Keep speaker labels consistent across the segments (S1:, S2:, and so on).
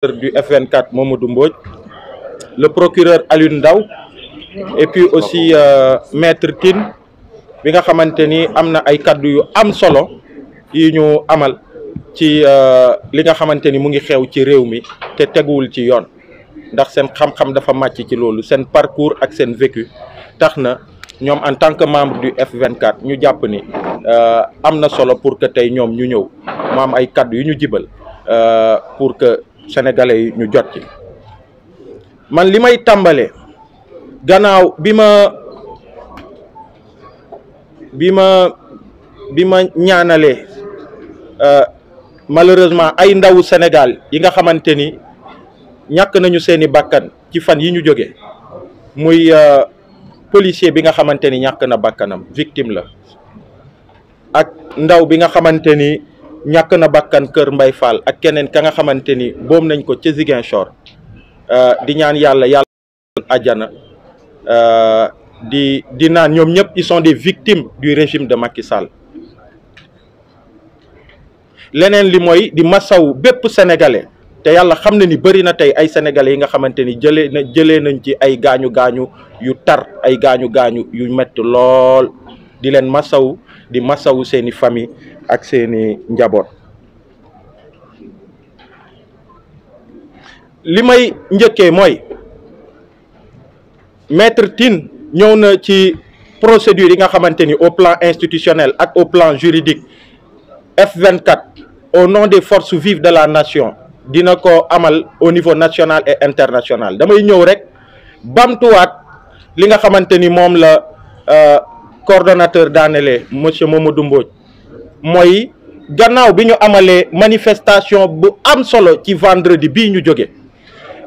S1: du F24 Mamadou Mbodj, le procureur Alioune Ndao et puis aussi euh, maître Tine bi nga xamante ni am na ay kaddu yu am solo yu ñu amal ci euh, li nga xamante ni mu ngi xew ci réew mi te teguwul ci yoon ndax seen xam-xam dafa màcc ci loolu seen parcours ak seen vécu tax na ñoom en tant que membre du F24 ñu jàpp ni euh, am na solo pour que tey ñoom ñu ñëw mu ay kaddu yu ñu jibal euh, pour que sénégalais yi ñu jot man li may tàmbalee gannaaw bi ma bi ma bi ma ñaanalee euh, malheureusement ay ndaw Sénégal yi nga xamante ni ñàkk nañu seeni bakkan ci fan yi ñu jóge muy euh, policier bi nga xamante ni ñàkk na bakkanam victime la ak ndaw bi nga xamante ni ñàkk na bàkkan kër Mbay Fall ak keneen ka nga xamante ni boom nañ ko ca Ziguinchor euh, di ñaan yàlla yàlla àjjana euh, di di naan ñoom ñëpp ils sont des victimes du régime de Macky Sall leneen li mooy di masaw bépp sénégalais te yàlla xam na ni bëri na tey ay sénégalais yi nga xamante ni jëlee na jëlee nañ ci ay gaañu gaañu yu tar ay gaañu gaañu yu metti lool di leen masaw di masawu seen i famille ak seen i njaboot li may njëkkee mooy maître Tine ñëw na ci procédure yi nga xamante ni au plan institutionnel ak au plan juridique F24 au nom des forces vives de la nation dina ko amal au niveau national et international damay ñëw rek bamtuwaat li nga xamante moom la euh, coordonnateur daanele monsieur Mamadou Mbodj mooy gannaaw bi ñu amalee manifestation bu am solo ci vendredi bi ñu jóge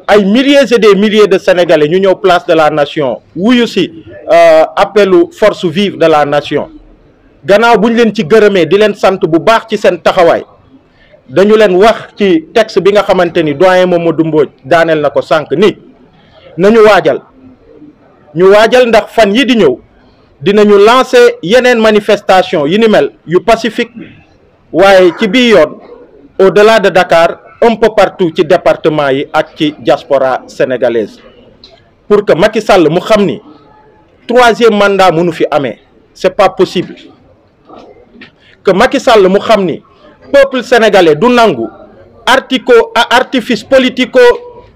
S1: ay milliers et des milliers de sénégalais ñu ñëw place de la nation wuyu si euh, appelu force vive de la nation gannaaw bu ñu leen ci gërëmee di leen sant bu baax ci seen taxawaay dañu leen wax ci texte bi nga xamante ni doyen Mamadou Mbodj daaneel na ko sànq ni nañu waajal ñu waajal ndax fan yi di ñëw. dinañu lancer yeneen manifestation yi ni mel yu pacifique waaye ci bii yoon au-delà de Dakar un peu partout ci département yi ak ci diaspora sénégalaise pour que Macky Sall mu xam ni troisième mandat mënu fi amee c'est pas possible que Macky Sall mu xam ni peuple sénégalais du nangu artico à artifice politico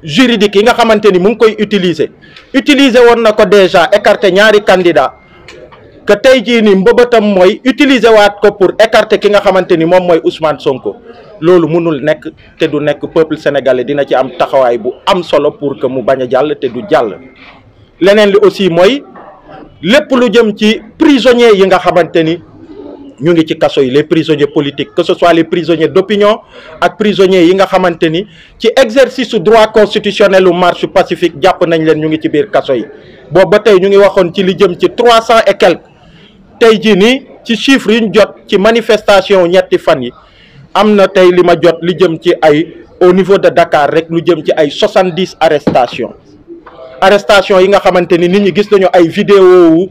S1: juridique yi nga xamante ni mu ngi koy utiliser utiliser woon na ko déjà écarter ñaari candidat que tey jii nii mbëbëtam mooy utiliser waat ko pour écarter ki nga xamante ni moom mooy Ousmane Sonko loolu mënul nekk te du nekk peuple sénégalais dina ci am taxawaay bu am solo pour que mu bañ a jàll te du jàll. leneen li aussi mooy lépp lu jëm ci prisonniers yi nga xamante ni ñu ngi ci kaso yi les prisonniers politiques que ce soit les prisonniers d'opinion ak prisonniers yi nga xamante ni ci exercice su droit constitutionnel u marche pacifique jàpp nañ leen ñu ngi ci biir kaso yi boobu tey ñu ngi waxoon ci li jëm ci trois et quelques. tey jii nii ci chiffre yi ñu jot ci manifestation ñetti fan yi am na tey li ma jot li jëm ci ay au niveau de Dakar rek lu jëm ci ay soixante-dix arrestation arrestation yi nga xamante ni nit ñi gis nañu ay vidéo wu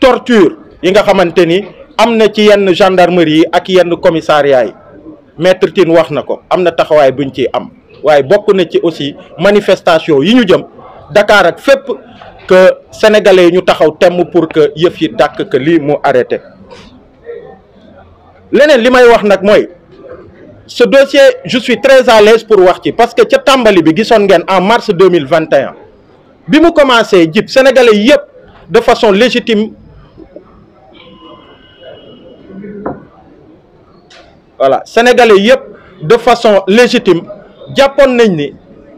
S1: torture yi nga xamante ni am na ci yenn gendarmerie yi ak yenn commissariat yi maître Tine wax na ko am na taxawaay buñ ci am waaye bokk na ci aussi manifestation yi ñu jëm Dakar ak fépp que sénégalais yi ñu taxaw temm pour que yëf yi dàkk que lii mu arrêté leneen li may wax nag mooy ce dossier je suis très à l'aise pour wax ci parce que ca tàmbali bi gisoon ngeen en mars deux mille vingt et bi mu commencé jib sénégalais yëpp de façon légitime voilà sénégalais yëpp de façon légitime jàppoon nañ ni.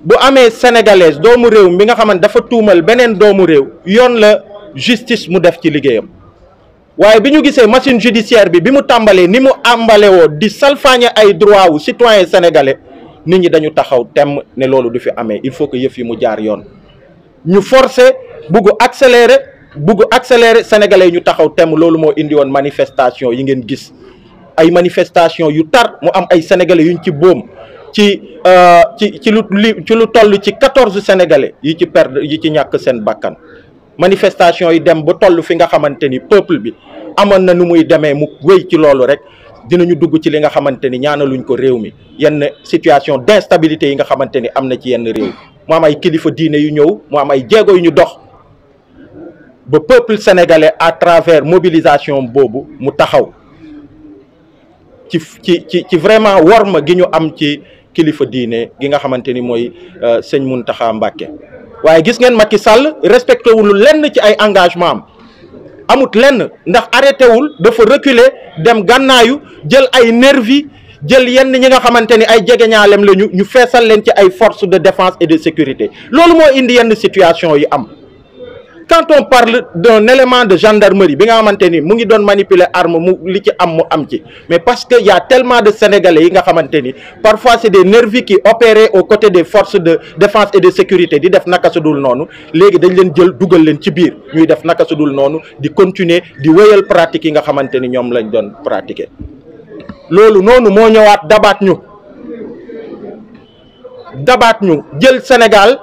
S1: bu amee sénégalaise doomu réew mi nga xamante dafa tuumal beneen doomu réew yoon la justice mu def ci liggéeyam waaye bi ñu gisee machine judiciaire bi bi mu tàmbalee ni mu àmbale woo di salfaañe ay droit wu citoyen sénégalais nit ñi dañu taxaw temm ne loolu du fi amee il faut que yëf yi mu jaar yoon ñu forcer bugg accélérer bugg accélérer sénégalais yi ñu taxaw temm loolu moo indi woon manifestation yi ngeen gis ay manifestation yu tar mu am ay sénégalais yuñ ci boom ci euh, ci ci lu lu toll ci quatorze sénégalais yi ci perdre yi ci ñàkk seen bakkan manifestation yi dem ba toll fi nga xamante ni peuple bi amoon na nu muy demee mu wéy ci loolu rek dinañu dugg ci li nga xamante ni ñaanaluñ ko réew mi yenn situation d'instabilité yi nga xamante ni am na ci yenn réew mu am ay kilifa diine yu ñëw mu am ay jéego yu ñu dox ba peuple sénégalais à travers mobilisation boobu mu taxaw ci ci ci ci vraiment worma gi ñu am ci kilifa diine gi nga xamante ni mooy euh, sëñ Mountakha Mbacké waaye gis ngeen Macky Sall respecté wul lenn ci ay engagement am amut lenn ndax arrêté wul dafa reculer dem gànnaayu jël ay nervi jël yenn ñi nga xamante ni ay jegeñaalem la ñu ñu feesal leen ci ay force de défense et de sécurité loolu moo indi yenn situation yi am. quand on parle d'un élément de gendarmerie bi nga xamante ni mu ngi doon manipuler arme mu li ci am mu am ci mais parce que y a tellement de sénégalais yi nga xamante ni parfois c'est des nervis qui opéraient aux côtés des forces de défense et de sécurité di def naka su noonu léegi dañ leen jël dugal leen ci biir ñuy def naka su noonu di continuer di wéyal pratique yi nga xamante ni ñoom lañ doon pratiquer loolu noonu moo ñëwaat dabaat ñu dabaat ñu jël Sénégal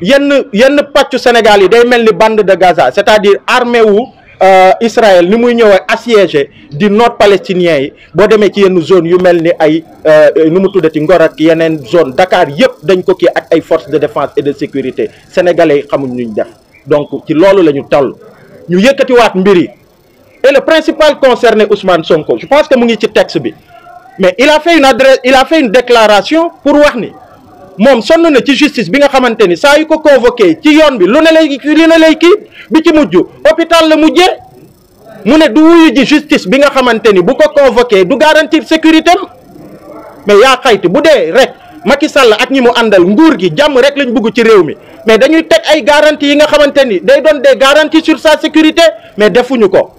S1: yenn yenn pàccu Sénégal yi day mel ni band de Gaza c'est-à-dire armee wu euh, Israël ni muy ñëwee assiégé di nord palestinien yi boo demee ci yenn zone yu mel ni ay euh, nu mu tuddati Ngor ak yeneen zone Dakar yëpp dañ ko kii ak ay forces de défense et de sécurité sénégalais yi xamuñ nuñ def donc ci loolu la ñu toll ñu yëkkatiwaat mbir yi et le principal concerné Ousmane Sonko je pense que mu ngi ci texte bi mais il a fait une adresse il a fait une déclaration pour wax ni. moom sonn na ci justice bi nga xamante ni saa yu ko convoqué ci yoon bi lu ne lay lu ne lay kii bi ci mujj hôpital la mujjee mu ne du wuyu ji justice bi nga xamante ni bu ko convoqué du garantir sécurité mais yaa xayt bu dee rek Macky Sall ak ñi mu àndal nguur gi jàmm rek lañ bugg ci réew mi mais dañuy teg ay garantie yi nga xamante ni day doon des garanties sur sa sécurité mais defuñu ko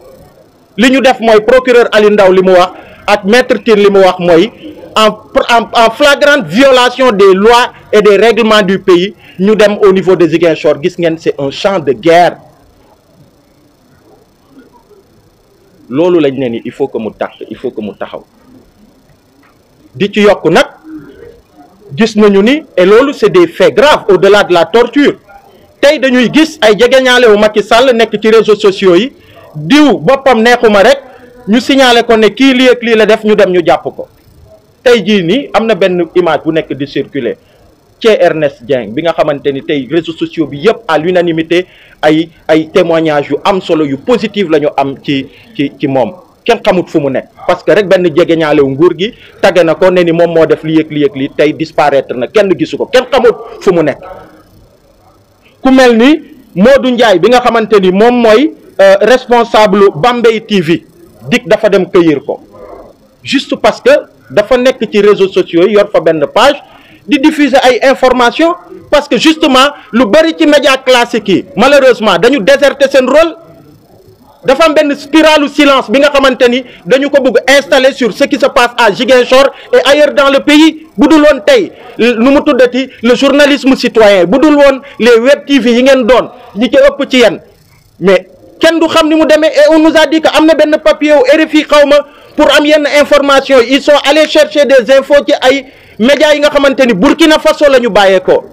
S1: li ñu def mooy procureur Aliou Ndao li mu wax ak maître Tine li mu wax mooy en en flagrante violation des lois et des règlements du pays ñu dem au niveau de Ziguinchor gis ngeen c'est un champ de guerre loolu lañ ne ni il faut que mu tàkk il que mu taxaw di ci yokk nag gis nañu ni et loolu c'est des faits graves au-delà de la torture tey dañuy gis ay jegeñaale wu Macky Sall nekk ci réseaux sociaux yi diw boppam neexuma rek ñu signalé ko ne kii lii ak lii la def ñu dem ñu jàpp ko tey ji nii am na benn image bu nekk di circuler ce Ernest Dieng bi nga xamante ni tey réseaux sociaux bi yëpp à l'unanimité ay ay témoignages yu am solo yu positive la ñu am ci ci ci moom kenn xamut fu mu nekk parce que rek benn jege ñaalew nguur gi tagge na ko ne ni moom moo def li yëg li yëg li tey disparaitre na kenn gisu ko kenn xamut fu mu nekk ku mel ni du njaay bi nga xamante ni moom mooy euh, responsable Bambey TV dik dafa dem cueillir ko juste parce que dafa nekk ci réseaux sociaux yor fa benn page di diffuser ay information parce que justement lu bëri ci média classique yi malheureusement dañu déserter seen rôle dafa am benn spiralu silence bi nga xamante ni dañu ko bëgg installé sur ce qui se passe à Ziguinchor et ailleurs dans le pays bu dul woon tey nu mu tuddati le journalisme citoyen bu dul woon les web TV yi ngeen doon ñi ci ëpp ci yenn mais kenn du xam ni mu demee et on nous a dit am na benn papier wu RFI xaw ma pour am yenn information ils sont allés chercher des infos ci ay médias yi nga xamante ni Burkina Faso la ñu ko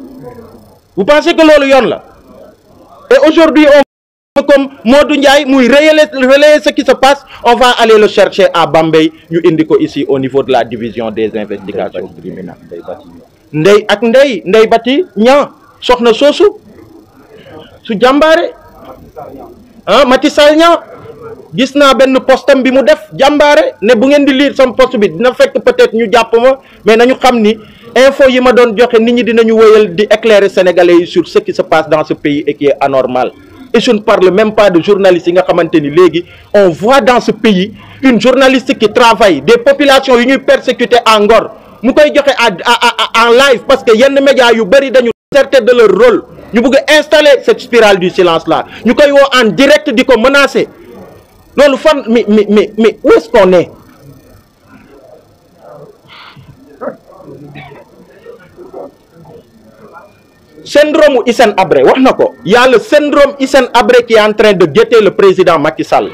S1: vous pensez que loolu yoon la et aujourd'hui on comme Modou Ndiaye muy relayer relayer ce qui se passe on va aller le chercher à Bambey ñu indi ko ici au niveau de la division des investigations criminelles ndey ak ndey ndey bati ñaa soxna soosu su jàmbaare ah Macky Sall ñaa gis naa benn postam bi mu def jàmbaare ne bu ngeen di lire sama post bi dina fekk peut-être ñu jàpp ma mais nañu xam ni info yi ma doon joxe nit ñi dinañu wëyal di éclairer sénégalais yi sur ce qui se passe dans ce pays et qui est anormal et je ne parle même pas de journalistes yi nga xamante ni léegi on voit dans ce pays une journaliste qui travaille des populations yu ñuy persécuter à Ngor mu koy joxe à en live parce que yenn médias yu bëri dañu déserté de leur rôle ñu bëgg a installer cette spirale du silence là ñu koy woo en direct di ko menacer loolu fan mi mi mi mi où est-ce syndrome Hissène Habré wax na ko yàlla a le syndrome Hissène Habré qui en train de guetter le président Macky Sall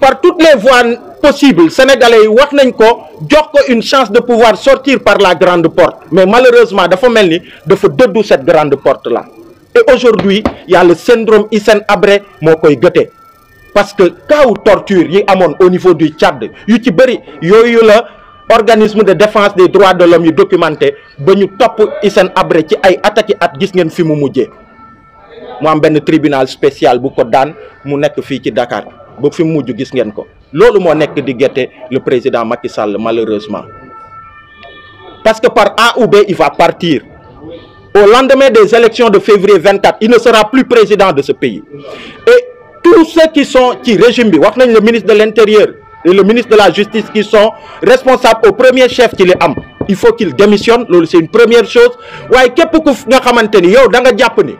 S1: par toutes les voies possible sénégalais yi wax nañ ko jox ko une chance de pouvoir sortir par la grande porte mais malheureusement dafa mel ni dafa dëddu cette grande porte la et aujourd'hui yàlla y a le syndrome Hissène Habré moo koy gëte parce que kaaw torture yi amoon au niveau du Tchad yu ci bëri yooyu la organisme de défense des droits de l'homme yu documenté ba ñu topp Hissène Habré ci ay ataki at gis ngeen fi mu mujje mu am benn tribunal spécial bu ko daan mu nekk fii ci Dakar ba fi mu mujj gis ngeen ko loolu moo nekk di guetter le président Macky Sall malheureusement parce que par A ou partir au lendemain des de février 24 il ne sera plus président de ce pays et tous ceux ci régime bi wax nañ le ministre de l'intérieur et le ministre de la justice qui sont responsables au premier chef ci li am il faut loolu c'est première chose waaye képp nga xamante ni yow da nga jàpp ni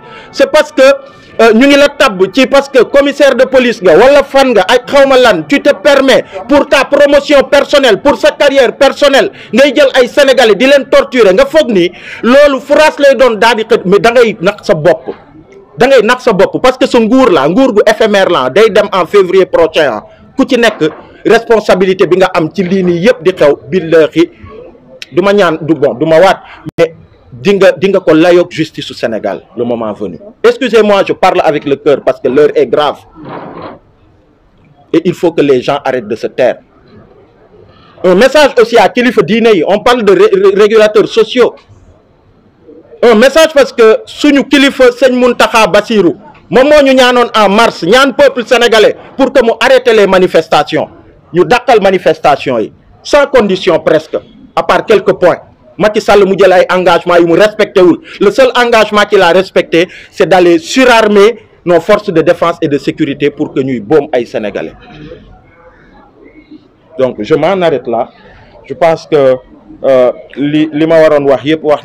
S1: Euh, ñu ngi la tabb ci parce que commissaire de police nga wala fan nga ak xawma lan tu te permets pour ta promotion personnelle pour sa carrière personnelle ngay jël ay sénégalais di leen torturer nga foog nii loolu France lay doon daal di xët mais da ngay nax sa bopp da ngay nax sa bopp parce que sa nguur laa nguur gu éphémère la day dem en février prochain ku ci nekk responsabilité bi nga am ci lii nii yëpp di xew billaahi du ma ñaan du bon du ma waat di nga di nga ko layoog justice su Sénégal le moment venu excusez-moi je parle avec le cœur parce que l'heure est grave et il faut que les gens arrêtent de se taire un message aussi à kilifa diine yi on parle de régulateurs sociaux un message parce que suñu kilifa sëñ Muntaxa Basiru moom moo ñu ñaanoon en mars ñaan peuple sénégalais pour que mu arrêter les manifestations ñu dàqal manifestation yi sans condition presque à part quelques Macky Sall mu jël ay engagement yu mu respecté wul le seul engagement qu'il a respecté c'est les surarmer nos forces de défense et de sécurité pour que ñuy boom ay sénégalais donc je m'en arrête là je pense que euh, li li ma waroon wax yëpp wax na